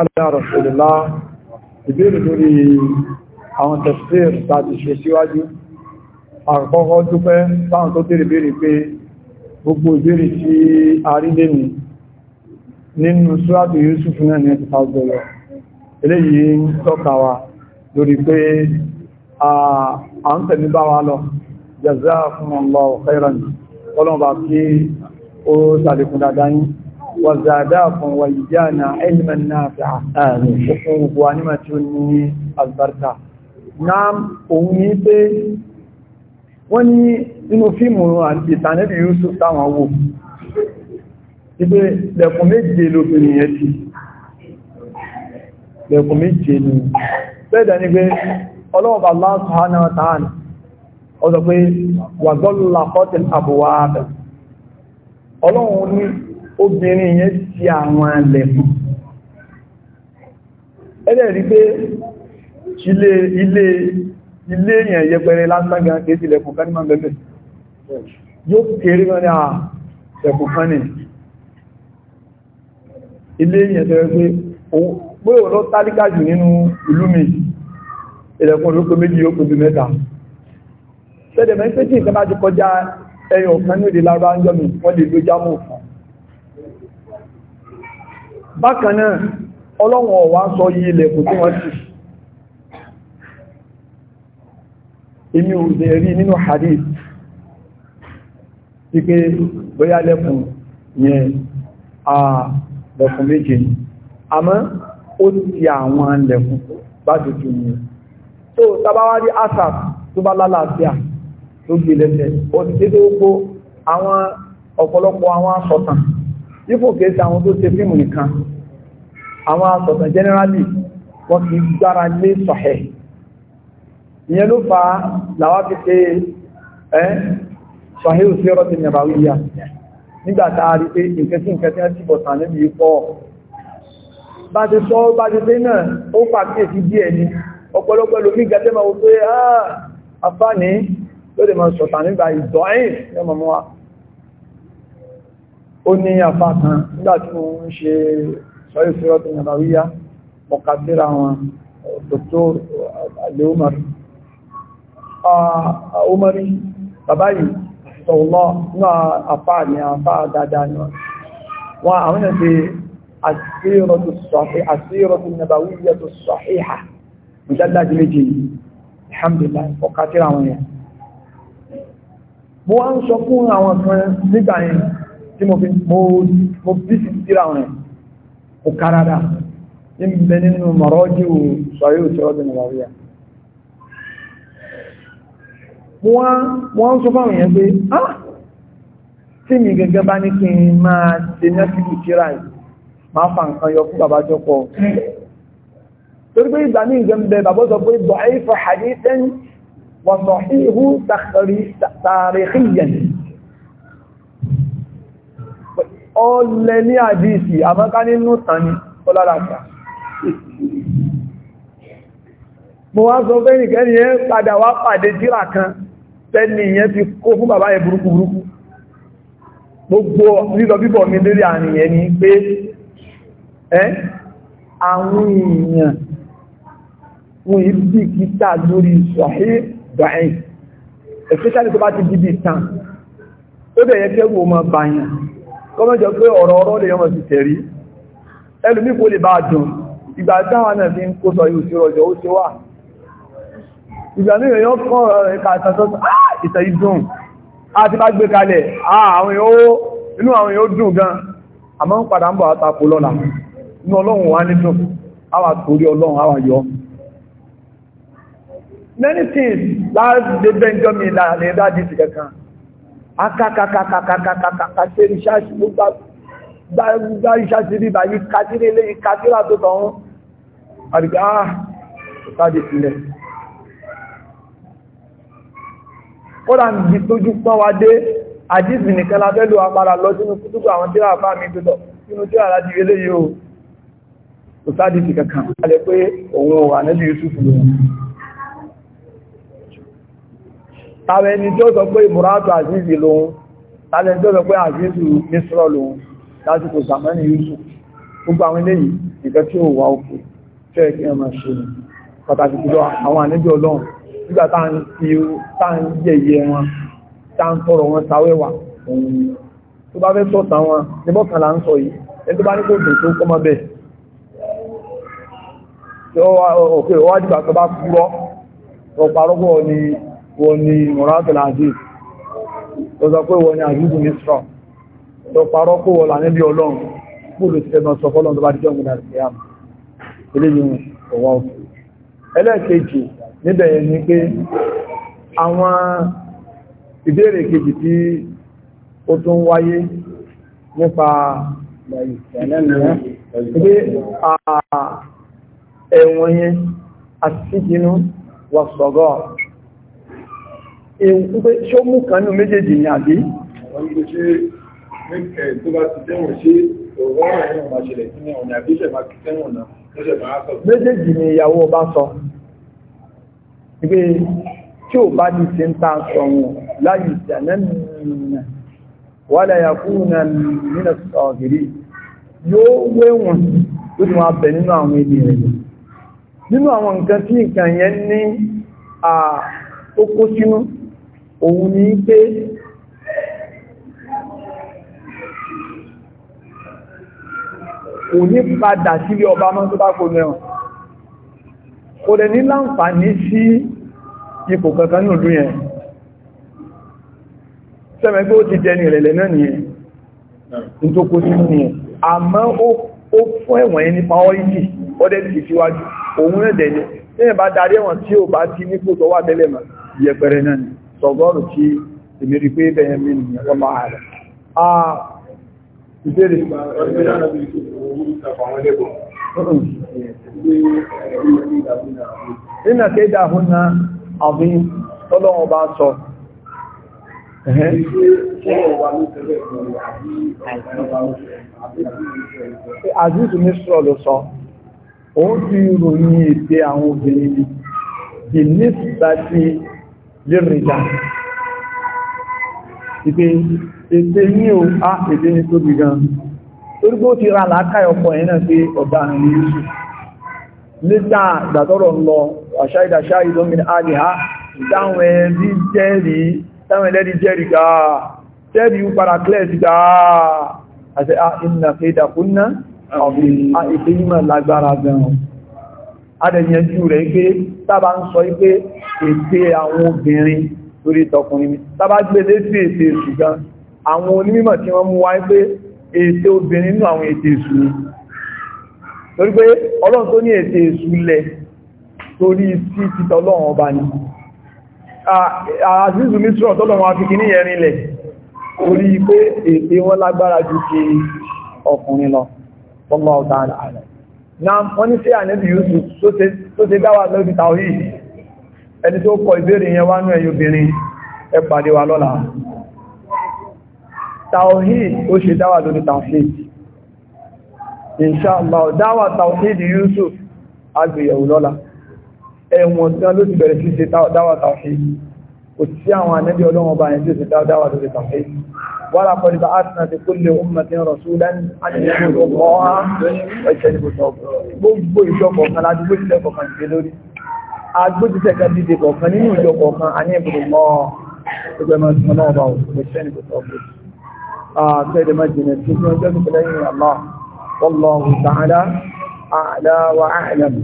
alárọ̀sọ̀lá ìbéèrè lórí àwọn tafsir tàbí ṣe síwájú àkọ́kọ́ dúpẹ́ sáwọn tó tèrè béèrè pé gbogbo ìbéèrè tí a nínú súrátù Yusuf náà ní ẹ̀tùta ọgbọ̀lọ̀ eléyìí ń tọ́ka wa lórí pé a ń tẹ̀mí bá wa lọ jazakumullahu khairan ọlọ́run bá kí ó sàlékún dáadáa yìí وزاداكم وإيانا علما نافعا آمين وقوم وانمة البركة نعم أميت wọ́n ní inú fíìmù ìtànẹ́bì Yusuf táwọn wò ipé lẹ̀kùn méje lóbìnrin yẹn ti lẹ̀kùn méje ni bẹ́ẹ̀dẹ̀ ni pé ọlọ́ọ̀bà Allah subhanahu wa ta'ala ọ̀sọ̀ pé obìnrin yẹn ti àwọn alẹ̀mù ẹ̀dẹ̀ rí pé ilé ilé ilé èèyàn yẹpẹrẹ lásán gan kéèsì lẹ̀kùn kan ní máa bẹ̀bẹ̀ yóò kéré gan ní à lẹ̀kùn kan ní ilé èèyàn tẹ́rẹ pé pé ò lọ tálíkà jù nínú ìlú mi ìlẹ̀kùn olóko méjì yóò kò bí mẹ́ta ṣẹ́dẹ̀ mẹ́ pé tí ìkan bá ti kọjá ẹyọ kan ní èdè lára ń jọ mi wọ́n lè lo jámù fún bákanáà ọlọ́wọ̀n ọ̀wá sọ yí ilẹ̀kùn tí wọ́n ti inú ìrí nínú hadith wípé bóyá lẹ́kùn yẹn a lẹ́kùn méje ni àmọ́ ó ti àwọn lẹ́kùn bá dùdù yẹn tó tàbáwárí asap tó bá lálàáfíà tó gbé lẹ́sẹ̀ ó ti tẹ́ tó gbó àwọn ọ̀pọ̀lọpọ̀ àwọn asọ̀tàn Ifò kéèsì àwọn tó ṣe fíìmù nìkan, àwọn asọ̀tàn generally wọ́n kì í gbára lé sọ̀hẹ̀. Ìyẹn ló fa làwá fi ṣe ẹ́ sọ̀hẹ̀ òsì ọ̀rọ̀ ti nìyàbá wíyà. Nígbà tá a rí pé nǹkan sí nǹkan tí wọ́n ti bọ̀tàn níbi ikọ́. Bá ti sọ bá ti dé náà, ó pàkíyèsí díẹ̀ ni. Ọ̀pọ̀lọpọ̀ lómi gẹ́gẹ́ máa wọ pé, "Ah, afáàní ló lè máa sọ̀tàn nígbà ìdọ́yìn ó ní afá kan nígbà ń ṣe sọ́yí sí ọdún nàbàríyá ọ̀ka wọn dr alẹ́ omar omari bàbá yìí sọ̀lọ́ náà afá ní afá dáadáa ni wọn àwọn ẹ̀sẹ̀ àṣírọ̀tù nàbàríyá tó sọ̀híhà mùjádájì alhamdulillah tí mo fi mo bí sí síra rẹ̀ kò kárádá ní bẹ nínú mọ̀rọ́jú sọ̀rí òṣèrọ́dún nàìjíríà wọ́n sọ fáwọn èèyàn pé ah tí mi gẹ́gẹ́ bá ní kí n máa ṣe nẹ́sìkì síra yìí máa fa nǹkan yọ fún bàbá tó pọ̀ torí pé ìgbà ní ìgbà ń bẹ bàbá sọ pé dọ̀ ẹ́ fọ̀ hadithan wọ̀sọ̀ ìhú tàríkìyàn ọlẹ ní àdíìsì àmọ́ká nínú tàn ní ọláràkà mo wá sọ fẹ́ nìkẹ́ni yẹn padà wá pàdé jíra kan tẹ́ni yẹn ti kó fún bàbá yẹn burúkú burúkú gbogbo lílọ bíbọ̀ mi lérí àrìn ni pé ẹ́ àwọn èèyàn wọn ìbí kìtà lórí ṣọ̀hí dọ̀ẹ̀yìn especially tó bá ti dìbì tàn ó bẹ̀yẹ kẹ́wò ọmọ bàyàn kọ́mọ́jọ pé ọ̀rọ̀ ọ̀rọ̀ lè yọmọ̀ sí tẹ̀rí ẹlùmí kò lè bá dùn ìgbà dáwọn náà fi ń kó sọ yóò sí ọjọ́ ó ṣe wà ìgbà ní èèyàn kọ́ ọ̀rọ̀ rẹ̀ kàtàtọ́ ah, ìtẹ̀ ìdùn àti bá gbé kalẹ̀ ah, àwọn èèyàn dùn dùn many things láti dé bẹ́ńjọ́ mi láàrin dájí ti akakakakakakakaka ṣe ríṣáṣì gbogbo gbá ríṣáṣì rí báyìí kàtírí ilé ìkàtírà tó tọ̀hún àrígbà ààtàdé sílẹ̀ kódà ń bí tójú pọ́n wá dé àjíṣì nìkan lábẹ́lú apára lọ sínú kútùkù àwọn tíra àpá mi tó lọ sínú tíra láti ilé yóò tàbí ẹni tó sọ pé ìmúratù àzízi lòun tàbí ẹni tó sọ pé àzízi mísírọ̀ lòun lásìkò sàmẹ́nì yusuf gbogbo àwọn eléyìí ìfẹ́ tí ó wà òkú fẹ́ kí ẹ máa ṣe ni pàtàkì jùlọ àwọn àníbí ọlọ́run nígbà tá ń fi tá ń yẹ̀yẹ wọn tá ń tọrọ wọn sáwẹ́wà òun tó bá fẹ́ sọ̀tà wọn níbọ̀kànlá ń sọ yìí ẹni tó bá ní kò dùn tó kọ́ mọ́ bẹ́ẹ̀ òkè ọwájú àtọ́ bá kúrọ́ ọ̀pàrọ́gbọ́ ni wọ́n ni mọ̀rátìl aziz tó sọ pé wọ́n ni aziz misra tó parọ́ kó wọ́n lànẹ́bí ọlọ́run púlù ti ẹgbọ́n sọ fọ́lọ́n tó bá díjọ́ ìgbìnà ìyàmù eléyìn ọwọ́ òkè ẹlẹ́ẹ̀kejì níbẹ̀ yẹn ni àti síjinú wà sọ̀gọ́ pé ṣó mú kanú méjèèjì ní àbí méjèèjì ni ìyàwó ọba sọ pé tí ò bá ní ti ń ta sọ̀rọ̀ láyé ìjànẹ́mìnà wà láyà fún nínú ọ̀gìrí yóò wéwọ̀n tó ti wọ́n abẹ nínú àwọn ènìyàn rẹ̀ nínú àwọn nǹkan tí nǹkan yẹn ní àkókó sínú òun ni pé kò ní padà sílé ọba mọ́ tó bá kò mẹ́rùn kò dẹ̀ ní láǹfààní sí ipò kankan ní ọdún yẹn sẹ́mẹ́ pé ó ti jẹ́ ní ìrẹ̀lẹ̀ náà nìyẹn ní tó kó sí nìyẹn àmọ́ ó fún ẹ̀wọ̀n yẹn ní pàọ́rìtì ọdẹ́ ti síwájú òun rẹ̀ dẹ̀ ní tí ẹ̀ bá darí ẹ̀wọ̀n tí ò bá ti ní kò tọ́wà tẹ́lẹ̀ mọ̀ yẹpẹrẹ náà nìyẹn tọ̀gọ́rù tí èmi rí pé bẹ̀yẹn mi ní ọmọ ààrẹ. a ìbéèrè nínà kéjà hún na àbí tọ́lọ́wọ́ bá sọ Àjíṣù ní sọ́rọ̀ ló sọ, òun ti ròyìn èdè àwọn obìnrin the next lérìdá ìpé ètè ní o á ètè ní tóbi gan torípé ó ti ra làákàí ọkọ̀ ẹ̀ náà pé ọ̀gá àrùn yíṣù lítà gbàtọ́rọ̀ ń lọ àṣáìdàṣá ìdómìnà àdìhá táwọn ẹbí jẹ́rìí táwọn ẹlẹ́dí jẹ́rìí gáà jẹ́rìí padà klẹ́ẹ̀sì gáà àti àìnà fẹ́dàkúnná ọ̀bìn àìfẹ́ yíma lágbára gan-an adẹ̀yẹnjú rẹ̀ pé tábà ń sọ pé ète àwọn obìnrin lórí tọkùnrin mi tàbá gbélé sí ète èṣù gan àwọn onímọ̀ tí wọ́n mú wáyé pé ète obìnrin nínú àwọn ète èṣù ni torí pé ọlọ́run tó ní ète èṣù lẹ̀ torí sí títọ́ ọlọ́run ọba ni àzízù mísírọ̀ tọ́lọ̀run afikin ní ẹ̀rin lẹ̀ orí pé ète wọn lágbára ju ti ọkùnrin lọ wallahu ta'ala ààrẹ na wọ́n ní sí ànẹ́bì Yusuf tó ṣe dáwà lọ́bí tàwí ẹni tó kọ ìbéèrè yẹn wá ní ẹ̀yin obìnrin ẹ pàdé wa lọ́la tawhid ó ṣe dáwà lórí tawhid inshallah dáwà tawhid Yusuf agbèyẹ̀wò lọ́la ẹ̀wọ̀n tí wọ́n ló ti bẹ̀rẹ̀ sí ṣe dáwà tawhid kò sí àwọn anẹ́bí ọlọ́wọ́n bá yẹn tí ó ṣe dáwà lórí tawhid wala qad ba'athna fi kulli ummatin rasulan an ya'budu Allaha wa yajtanibu at-taghut gbogbo ìjọ kọ̀ọ̀kan láti gbé ìjọ kọ̀ọ̀kan ṣe lórí agbójútẹ̀ kan dìde kọ̀ọ̀kan nínú ìjọ kọ̀ọ̀kan a ní ìbùdó mọ́ ẹgbẹ́ máa tún náà bá òṣèlú Allah wallahu ta'ala a'la wa a'lam